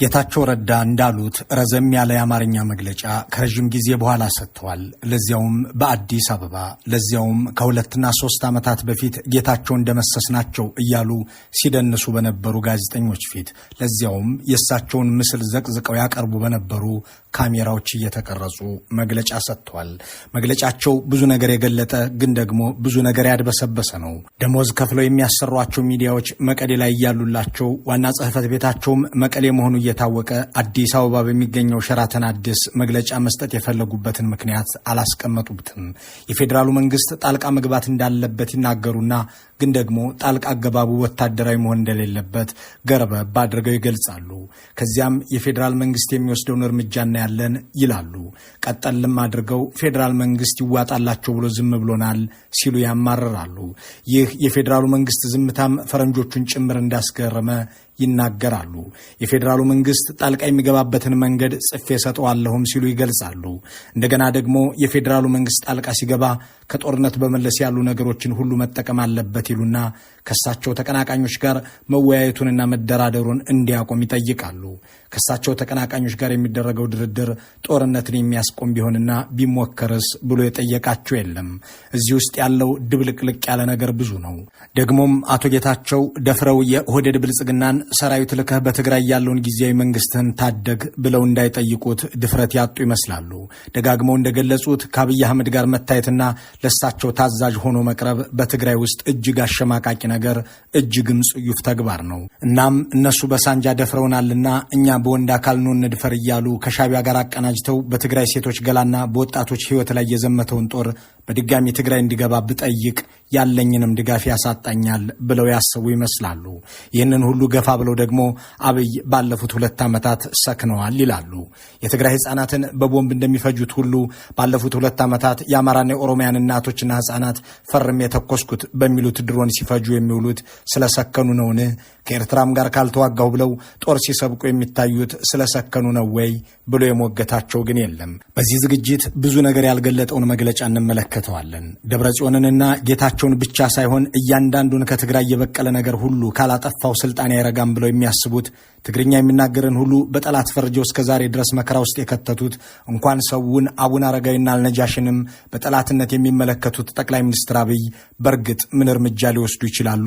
ጌታቸው ረዳ እንዳሉት ረዘም ያለ የአማርኛ መግለጫ ከረዥም ጊዜ በኋላ ሰጥተዋል። ለዚያውም በአዲስ አበባ ለዚያውም ከሁለትና ሶስት ዓመታት በፊት ጌታቸው እንደመሰስ ናቸው እያሉ ሲደንሱ በነበሩ ጋዜጠኞች ፊት ለዚያውም የእሳቸውን ምስል ዘቅዝቀው ያቀርቡ በነበሩ ካሜራዎች እየተቀረጹ መግለጫ ሰጥተዋል። መግለጫቸው ብዙ ነገር የገለጠ ግን ደግሞ ብዙ ነገር ያድበሰበሰ ነው። ደሞዝ ከፍለው የሚያሰሯቸው ሚዲያዎች መቀሌ ላይ እያሉላቸው ዋና ጽሕፈት ቤታቸውም መቀሌ መሆኑ እየታወቀ አዲስ አበባ በሚገኘው ሸራተን አዲስ መግለጫ መስጠት የፈለጉበትን ምክንያት አላስቀመጡትም። የፌዴራሉ መንግስት ጣልቃ መግባት እንዳለበት ይናገሩና ግን ደግሞ ጣልቃ አገባቡ ወታደራዊ መሆን እንደሌለበት ገረበብ አድርገው ይገልጻሉ። ከዚያም የፌዴራል መንግስት የሚወስደውን እርምጃ እናያለን ይላሉ። ቀጠልም አድርገው ፌዴራል መንግስት ይዋጣላቸው ብሎ ዝም ብሎናል ሲሉ ያማርራሉ። ይህ የፌዴራሉ መንግስት ዝምታም ፈረንጆቹን ጭምር እንዳስገረመ ይናገራሉ። የፌዴራሉ መንግስት ጣልቃ የሚገባበትን መንገድ ጽፌ ሰጠዋለሁም ሲሉ ይገልጻሉ። እንደገና ደግሞ የፌዴራሉ መንግስት ጣልቃ ሲገባ ከጦርነት በመለስ ያሉ ነገሮችን ሁሉ መጠቀም አለበት ይሉና ከሳቸው ተቀናቃኞች ጋር መወያየቱንና መደራደሩን እንዲያቆም ይጠይቃሉ። ከሳቸው ተቀናቃኞች ጋር የሚደረገው ድርድር ጦርነትን የሚያስቆም ቢሆንና ቢሞከርስ ብሎ የጠየቃቸው የለም። እዚህ ውስጥ ያለው ድብልቅልቅ ያለ ነገር ብዙ ነው። ደግሞም አቶ ጌታቸው ደፍረው የኦህዴድ ብልጽግናን ሰራዊት ልከህ በትግራይ ያለውን ጊዜያዊ መንግስትህን ታደግ ብለው እንዳይጠይቁት ድፍረት ያጡ ይመስላሉ። ደጋግመው እንደገለጹት ከአብይ አህመድ ጋር መታየትና ለሳቸው ታዛዥ ሆኖ መቅረብ በትግራይ ውስጥ እጅግ አሸማቃቂ ነገር፣ እጅግም ጽዩፍ ተግባር ነው። እናም እነሱ በሳንጃ ደፍረውናልና እኛ በወንድ አካል ኑ እንድፈር እያሉ ከሻቢያ ጋር አቀናጅተው በትግራይ ሴቶች ገላና በወጣቶች ህይወት ላይ የዘመተውን ጦር በድጋሚ ትግራይ እንዲገባ ብጠይቅ ያለኝንም ድጋፍ ያሳጣኛል ብለው ያሰቡ ይመስላሉ። ይህንን ሁሉ ገፋ ብለው ደግሞ አብይ ባለፉት ሁለት ዓመታት ሰክነዋል ይላሉ። የትግራይ ሕፃናትን በቦምብ እንደሚፈጁት ሁሉ ባለፉት ሁለት ዓመታት የአማራና የኦሮሚያን እናቶችና ህፃናት ፈርም የተኮስኩት በሚሉት ድሮን ሲፈጁ የሚውሉት ስለሰከኑ ነውን? ከኤርትራም ጋር ካልተዋጋሁ ብለው ጦር ሲሰብቁ የሚታዩት ስለሰከኑ ነው ወይ ብሎ የሞገታቸው ግን የለም። በዚህ ዝግጅት ብዙ ነገር ያልገለጠውን መግለጫ እንመለከት እንመለከተዋለን። ደብረ ጽዮንንና ጌታቸውን ብቻ ሳይሆን እያንዳንዱን ከትግራይ የበቀለ ነገር ሁሉ ካላጠፋው ስልጣን አይረጋም ብለው የሚያስቡት ትግርኛ የሚናገርን ሁሉ በጠላት ፈርጀው እስከ ዛሬ ድረስ መከራ ውስጥ የከተቱት እንኳን ሰውን አቡነ አረጋዊና አልነጃሽንም በጠላትነት የሚመለከቱት ጠቅላይ ሚኒስትር አብይ በእርግጥ ምን እርምጃ ሊወስዱ ይችላሉ?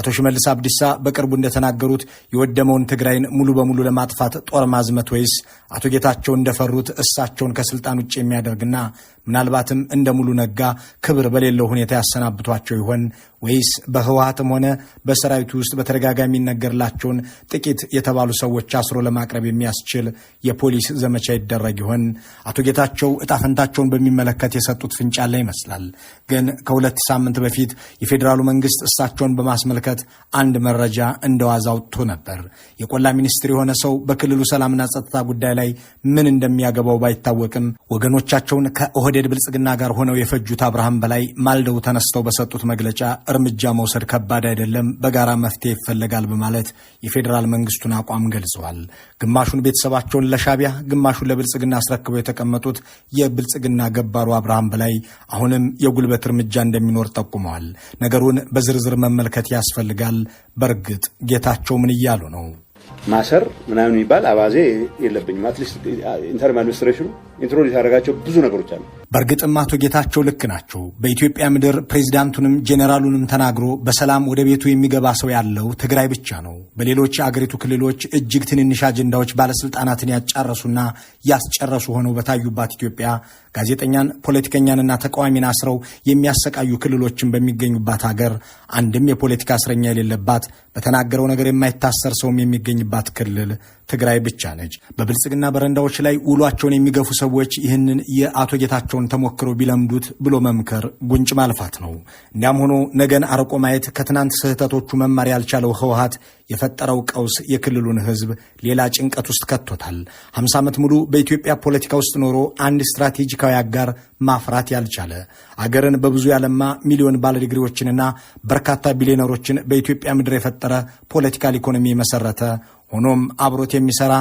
አቶ ሽመልስ አብዲሳ በቅርቡ እንደተናገሩት የወደመውን ትግራይን ሙሉ በሙሉ ለማጥፋት ጦር ማዝመት ወይስ አቶ ጌታቸው እንደፈሩት እሳቸውን ከስልጣን ውጭ የሚያደርግና ምናልባትም እንደ ሙሉ ነገር እየተወጋ ክብር በሌለው ሁኔታ ያሰናብቷቸው ይሆን ወይስ በህወሀትም ሆነ በሰራዊቱ ውስጥ በተደጋጋሚ ይነገርላቸውን ጥቂት የተባሉ ሰዎች አስሮ ለማቅረብ የሚያስችል የፖሊስ ዘመቻ ይደረግ ይሆን? አቶ ጌታቸው እጣፈንታቸውን በሚመለከት የሰጡት ፍንጭ ያለ ይመስላል። ግን ከሁለት ሳምንት በፊት የፌዴራሉ መንግስት እሳቸውን በማስመልከት አንድ መረጃ እንደዋዛ አውጥቶ ነበር። የቆላ ሚኒስትር የሆነ ሰው በክልሉ ሰላምና ጸጥታ ጉዳይ ላይ ምን እንደሚያገባው ባይታወቅም ወገኖቻቸውን ከኦህዴድ ብልጽግና ጋር ሆነው የፈ ከፈጁት አብርሃም በላይ ማልደው ተነስተው በሰጡት መግለጫ እርምጃ መውሰድ ከባድ አይደለም፣ በጋራ መፍትሄ ይፈለጋል በማለት የፌዴራል መንግስቱን አቋም ገልጸዋል። ግማሹን ቤተሰባቸውን ለሻቢያ ግማሹን ለብልጽግና አስረክበው የተቀመጡት የብልጽግና ገባሩ አብርሃም በላይ አሁንም የጉልበት እርምጃ እንደሚኖር ጠቁመዋል። ነገሩን በዝርዝር መመልከት ያስፈልጋል። በእርግጥ ጌታቸው ምን እያሉ ነው? ማሰር ምናምን የሚባል አባዜ የለብኝም። አትሊስት ኢንተርም አድሚኒስትሬሽኑ ኢንትሮዲስ ያደረጋቸው ብዙ ነገሮች አሉ በእርግጥም አቶ ጌታቸው ልክ ናቸው። በኢትዮጵያ ምድር ፕሬዚዳንቱንም ጄኔራሉንም ተናግሮ በሰላም ወደ ቤቱ የሚገባ ሰው ያለው ትግራይ ብቻ ነው። በሌሎች የአገሪቱ ክልሎች እጅግ ትንንሽ አጀንዳዎች ባለስልጣናትን ያጫረሱና ያስጨረሱ ሆነው በታዩባት ኢትዮጵያ ጋዜጠኛን፣ ፖለቲከኛንና ተቃዋሚን አስረው የሚያሰቃዩ ክልሎችን በሚገኙባት አገር አንድም የፖለቲካ እስረኛ የሌለባት በተናገረው ነገር የማይታሰር ሰውም የሚገኝባት ክልል ትግራይ ብቻ ነች። በብልጽግና በረንዳዎች ላይ ውሏቸውን የሚገፉ ሰዎች ይህንን የአቶ ጌታቸው ያላቸውን ተሞክሮ ቢለምዱት ብሎ መምከር ጉንጭ ማልፋት ነው። እንዲያም ሆኖ ነገን አርቆ ማየት ከትናንት ስህተቶቹ መማር ያልቻለው ህወሓት የፈጠረው ቀውስ የክልሉን ህዝብ ሌላ ጭንቀት ውስጥ ከቶታል። ሃምሳ ዓመት ሙሉ በኢትዮጵያ ፖለቲካ ውስጥ ኖሮ አንድ ስትራቴጂካዊ አጋር ማፍራት ያልቻለ አገርን በብዙ ያለማ ሚሊዮን ባለዲግሪዎችንና በርካታ ቢሊዮነሮችን በኢትዮጵያ ምድር የፈጠረ ፖለቲካል ኢኮኖሚ የመሰረተ ሆኖም አብሮት የሚሰራ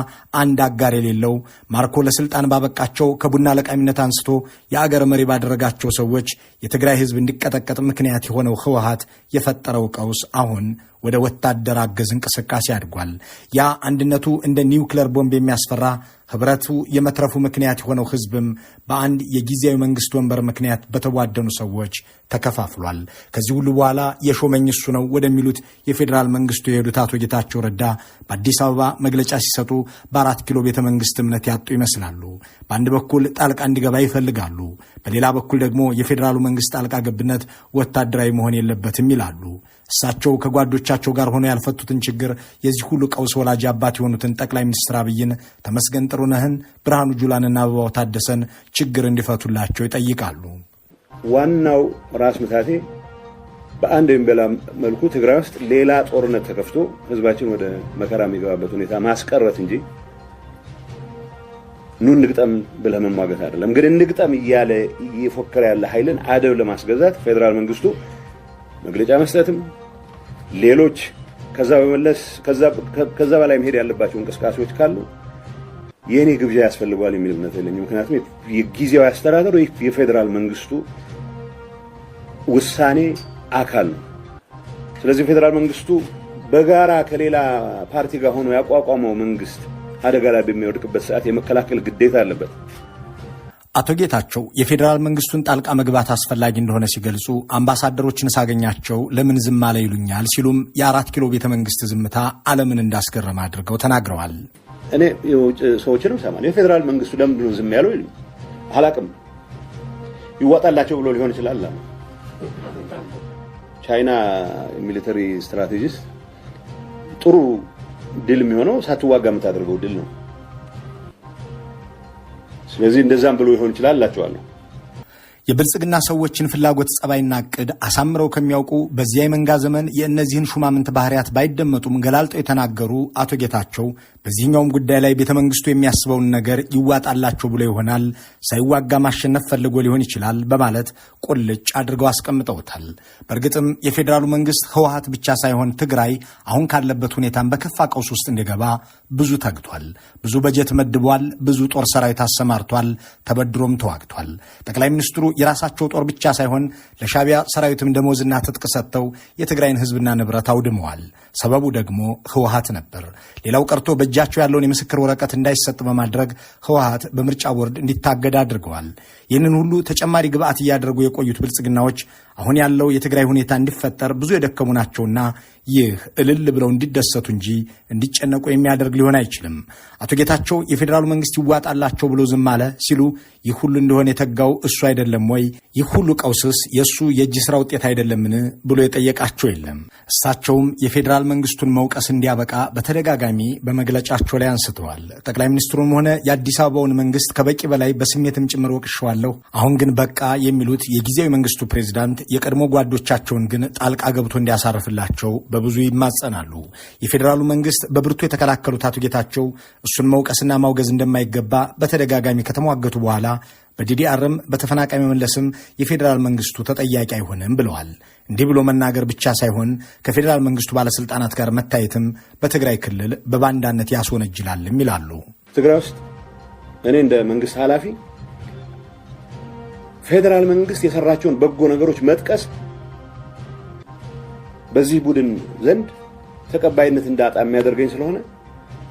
አንድ አጋር የሌለው ማርኮ ለስልጣን ባበቃቸው ከቡና ለቃሚነት አንስቶ የአገር መሪ ባደረጋቸው ሰዎች የትግራይ ህዝብ እንዲቀጠቀጥ ምክንያት የሆነው ህወሀት የፈጠረው ቀውስ አሁን ወደ ወታደር አገዝ እንቅስቃሴ አድጓል። ያ አንድነቱ እንደ ኒውክለር ቦምብ የሚያስፈራ ህብረቱ የመትረፉ ምክንያት የሆነው ህዝብም በአንድ የጊዜያዊ መንግስት ወንበር ምክንያት በተቧደኑ ሰዎች ተከፋፍሏል። ከዚህ ሁሉ በኋላ የሾመኝ እሱ ነው ወደሚሉት የፌዴራል መንግስቱ የሄዱት አቶ ጌታቸው ረዳ በአዲስ አበባ መግለጫ ሲሰጡ በአራት ኪሎ ቤተ መንግስት እምነት ያጡ ይመስላሉ። በአንድ በኩል ጣልቃ እንዲገባ ይፈልጋሉ፣ በሌላ በኩል ደግሞ የፌዴራሉ መንግስት ጣልቃ ገብነት ወታደራዊ መሆን የለበትም ይላሉ። እሳቸው ከጓዶች ከልጆቻቸው ጋር ሆነው ያልፈቱትን ችግር የዚህ ሁሉ ቀውስ ወላጅ አባት የሆኑትን ጠቅላይ ሚኒስትር አብይን፣ ተመስገን ጥሩነህን፣ ብርሃኑ ጁላንና አበባው ታደሰን ችግር እንዲፈቱላቸው ይጠይቃሉ። ዋናው ራስ ምታቴ በአንድ የሚበላ መልኩ ትግራይ ውስጥ ሌላ ጦርነት ተከፍቶ ህዝባችን ወደ መከራ የሚገባበት ሁኔታ ማስቀረት እንጂ ኑ እንግጠም ብለህ መሟገት አይደለም። ግን እንግጠም እያለ እየፎከረ ያለ ኃይልን አደብ ለማስገዛት ፌዴራል መንግስቱ መግለጫ መስጠትም ሌሎች ከዛ በመለስ ከዛ በላይ መሄድ ያለባቸው እንቅስቃሴዎች ካሉ የእኔ ግብዣ ያስፈልገዋል የሚል እምነት የለኝም። ምክንያቱም የጊዜያዊ አስተዳደሩ የፌዴራል መንግስቱ ውሳኔ አካል ነው። ስለዚህ ፌዴራል መንግስቱ በጋራ ከሌላ ፓርቲ ጋር ሆኖ ያቋቋመው መንግስት አደጋ ላይ በሚወድቅበት ሰዓት የመከላከል ግዴታ አለበት። አቶ ጌታቸው የፌዴራል መንግስቱን ጣልቃ መግባት አስፈላጊ እንደሆነ ሲገልጹ አምባሳደሮችን ሳገኛቸው ለምን ዝም አለ ይሉኛል ሲሉም የአራት ኪሎ ቤተ መንግስት ዝምታ ዓለምን እንዳስገረመ አድርገው ተናግረዋል። እኔ ሰዎችንም ሰማ የፌዴራል መንግስቱ ለምንድን ነው ዝም ያለው አላቅም። ይዋጣላቸው ብሎ ሊሆን ይችላል። ቻይና ሚሊተሪ ስትራቴጂስት ጥሩ ድል የሚሆነው ሳትዋጋ የምታደርገው ድል ነው። ስለዚህ እንደዛም ብሎ ይሆን ይችላል እላቸዋለሁ። የብልጽግና ሰዎችን ፍላጎት ጸባይና እቅድ አሳምረው ከሚያውቁ በዚያ የመንጋ ዘመን የእነዚህን ሹማምንት ባህሪያት ባይደመጡም ገላልጠው የተናገሩ አቶ ጌታቸው በዚህኛውም ጉዳይ ላይ ቤተ መንግስቱ የሚያስበውን ነገር ይዋጣላቸው ብሎ ይሆናል፣ ሳይዋጋ ማሸነፍ ፈልጎ ሊሆን ይችላል በማለት ቁልጭ አድርገው አስቀምጠውታል። በእርግጥም የፌዴራሉ መንግስት ህወሀት ብቻ ሳይሆን ትግራይ አሁን ካለበት ሁኔታን በከፋ ቀውስ ውስጥ እንዲገባ ብዙ ተግቷል፣ ብዙ በጀት መድቧል፣ ብዙ ጦር ሰራዊት አሰማርቷል፣ ተበድሮም ተዋግቷል። ጠቅላይ ሚኒስትሩ የራሳቸው ጦር ብቻ ሳይሆን ለሻቢያ ሰራዊትም ደሞዝና ትጥቅ ሰጥተው የትግራይን ህዝብና ንብረት አውድመዋል። ሰበቡ ደግሞ ህወሀት ነበር። ሌላው ቀርቶ በእጃቸው ያለውን የምስክር ወረቀት እንዳይሰጥ በማድረግ ህወሀት በምርጫ ቦርድ እንዲታገድ አድርገዋል። ይህንን ሁሉ ተጨማሪ ግብአት እያደረጉ የቆዩት ብልጽግናዎች አሁን ያለው የትግራይ ሁኔታ እንዲፈጠር ብዙ የደከሙ ናቸውና ይህ እልል ብለው እንዲደሰቱ እንጂ እንዲጨነቁ የሚያደርግ ሊሆን አይችልም። አቶ ጌታቸው የፌዴራሉ መንግስት ይዋጣላቸው ብሎ ዝም አለ ሲሉ ይህ ሁሉ እንደሆነ የተጋው እሱ አይደለም ወይ? ይህ ሁሉ ቀውስስ የእሱ የእጅ ስራ ውጤት አይደለምን? ብሎ የጠየቃቸው የለም። እሳቸውም የፌዴራል መንግስቱን መውቀስ እንዲያበቃ በተደጋጋሚ በመግለጫቸው ላይ አንስተዋል። ጠቅላይ ሚኒስትሩም ሆነ የአዲስ አበባውን መንግስት ከበቂ በላይ በስሜትም ጭምር ወቅሸዋለሁ። አሁን ግን በቃ የሚሉት የጊዜያዊ መንግስቱ ፕሬዚዳንት የቀድሞ ጓዶቻቸውን ግን ጣልቃ ገብቶ እንዲያሳርፍላቸው በብዙ ይማጸናሉ። የፌዴራሉ መንግስት በብርቱ የተከላከሉት አቶ ጌታቸው እሱን መውቀስና ማውገዝ እንደማይገባ በተደጋጋሚ ከተሟገቱ በኋላ በዲዲአርም በተፈናቃይ መመለስም የፌዴራል መንግስቱ ተጠያቂ አይሆንም ብለዋል። እንዲህ ብሎ መናገር ብቻ ሳይሆን ከፌዴራል መንግስቱ ባለስልጣናት ጋር መታየትም በትግራይ ክልል በባንዳነት ያስወነጅላልም ይላሉ። ትግራይ ውስጥ እኔ እንደ መንግስት ኃላፊ ፌዴራል መንግስት የሰራቸውን በጎ ነገሮች መጥቀስ በዚህ ቡድን ዘንድ ተቀባይነት እንዳጣ የሚያደርገኝ ስለሆነ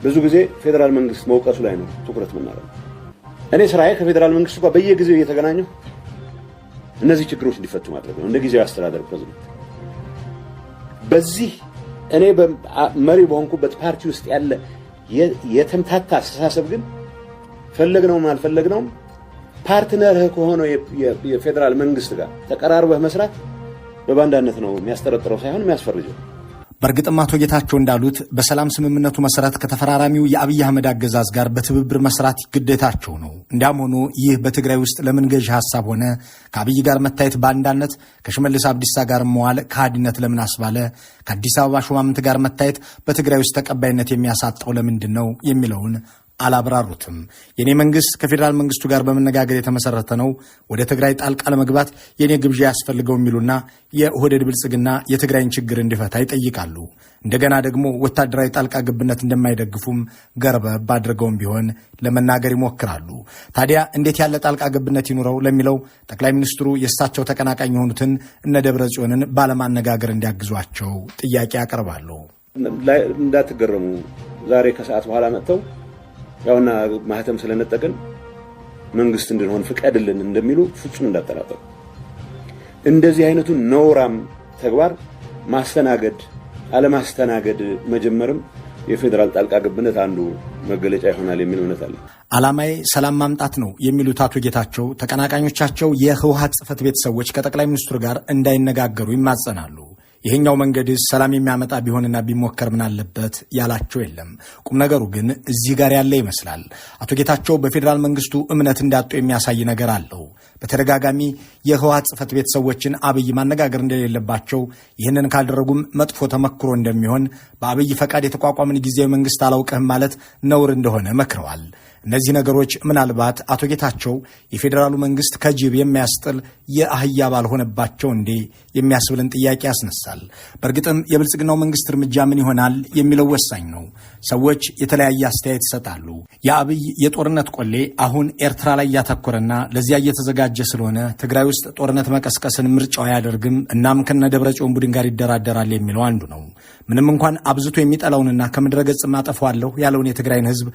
ብዙ ጊዜ ፌዴራል መንግስት መውቀሱ ላይ ነው ትኩረት የምናደርገው። እኔ ስራዬ ከፌዴራል መንግስት ጋር በየጊዜው እየተገናኘሁ እነዚህ ችግሮች እንዲፈቱ ማድረግ ነው እንደ ጊዜያዊ አስተዳደር በዚህ እኔ መሪ በሆንኩበት ፓርቲ ውስጥ ያለ የተምታታ አስተሳሰብ ግን ፈለግነውም አልፈለግነውም ፓርትነርህ ከሆነው የፌዴራል መንግስት ጋር ተቀራርበህ መስራት በባንዳነት ነው የሚያስጠረጥረው ሳይሆን የሚያስፈርጀው። በእርግጥም አቶ ጌታቸው እንዳሉት በሰላም ስምምነቱ መሰረት ከተፈራራሚው የአብይ አህመድ አገዛዝ ጋር በትብብር መስራት ግዴታቸው ነው። እንዲያም ሆኖ ይህ በትግራይ ውስጥ ለምን ገዢ ሀሳብ ሆነ? ከአብይ ጋር መታየት በአንዳነት፣ ከሽመልስ አብዲሳ ጋር መዋል ከሃዲነት ለምን አስባለ? ከአዲስ አበባ ሹማምንት ጋር መታየት በትግራይ ውስጥ ተቀባይነት የሚያሳጣው ለምንድን ነው? የሚለውን አላብራሩትም። የኔ መንግስት ከፌዴራል መንግስቱ ጋር በመነጋገር የተመሰረተ ነው፣ ወደ ትግራይ ጣልቃ ለመግባት የኔ ግብዣ ያስፈልገው የሚሉና የኦህዴድ ብልጽግና የትግራይን ችግር እንዲፈታ ይጠይቃሉ። እንደገና ደግሞ ወታደራዊ ጣልቃ ገብነት እንደማይደግፉም ገርበብ አድርገውም ቢሆን ለመናገር ይሞክራሉ። ታዲያ እንዴት ያለ ጣልቃ ገብነት ይኑረው ለሚለው ጠቅላይ ሚኒስትሩ የእሳቸው ተቀናቃኝ የሆኑትን እነ ደብረ ጽዮንን ባለማነጋገር እንዲያግዟቸው ጥያቄ ያቀርባሉ። እንዳትገረሙ ዛሬ ከሰዓት በኋላ መጥተው ያውና ማህተም ስለነጠቅን መንግስት እንድንሆን ፍቀድልን እንደሚሉ ፍጹም እንዳጠራጠሩ እንደዚህ አይነቱን ነውራም ተግባር ማስተናገድ አለማስተናገድ መጀመርም የፌዴራል ጣልቃ ገብነት አንዱ መገለጫ ይሆናል የሚል እምነት አለ። ዓላማዬ ሰላም ማምጣት ነው የሚሉት አቶ ጌታቸው ተቀናቃኞቻቸው የህወሀት ጽህፈት ቤት ሰዎች ከጠቅላይ ሚኒስትሩ ጋር እንዳይነጋገሩ ይማጸናሉ። ይሄኛው መንገድስ ሰላም የሚያመጣ ቢሆንና ቢሞከር ምን አለበት ያላቸው የለም። ቁም ነገሩ ግን እዚህ ጋር ያለ ይመስላል። አቶ ጌታቸው በፌዴራል መንግስቱ እምነት እንዳጡ የሚያሳይ ነገር አለው። በተደጋጋሚ የህወሓት ጽህፈት ቤት ሰዎችን አብይ ማነጋገር እንደሌለባቸው፣ ይህንን ካልደረጉም መጥፎ ተመክሮ እንደሚሆን፣ በአብይ ፈቃድ የተቋቋምን ጊዜያዊ መንግስት አላውቅህም ማለት ነውር እንደሆነ መክረዋል። እነዚህ ነገሮች ምናልባት አቶ ጌታቸው የፌዴራሉ መንግስት ከጅብ የሚያስጥል የአህያ ባልሆነባቸው እንዴ የሚያስብልን ጥያቄ ያስነሳል። በእርግጥም የብልጽግናው መንግስት እርምጃ ምን ይሆናል የሚለው ወሳኝ ነው። ሰዎች የተለያየ አስተያየት ይሰጣሉ። የአብይ የጦርነት ቆሌ አሁን ኤርትራ ላይ እያተኮረና ለዚያ እየተዘጋጀ ስለሆነ ትግራይ ውስጥ ጦርነት መቀስቀስን ምርጫው አያደርግም፣ እናም ከነ ደብረጽዮን ቡድን ጋር ይደራደራል የሚለው አንዱ ነው። ምንም እንኳን አብዝቶ የሚጠላውንና ከምድረ ገጽ ማጠፋዋለሁ ያለውን የትግራይን ህዝብ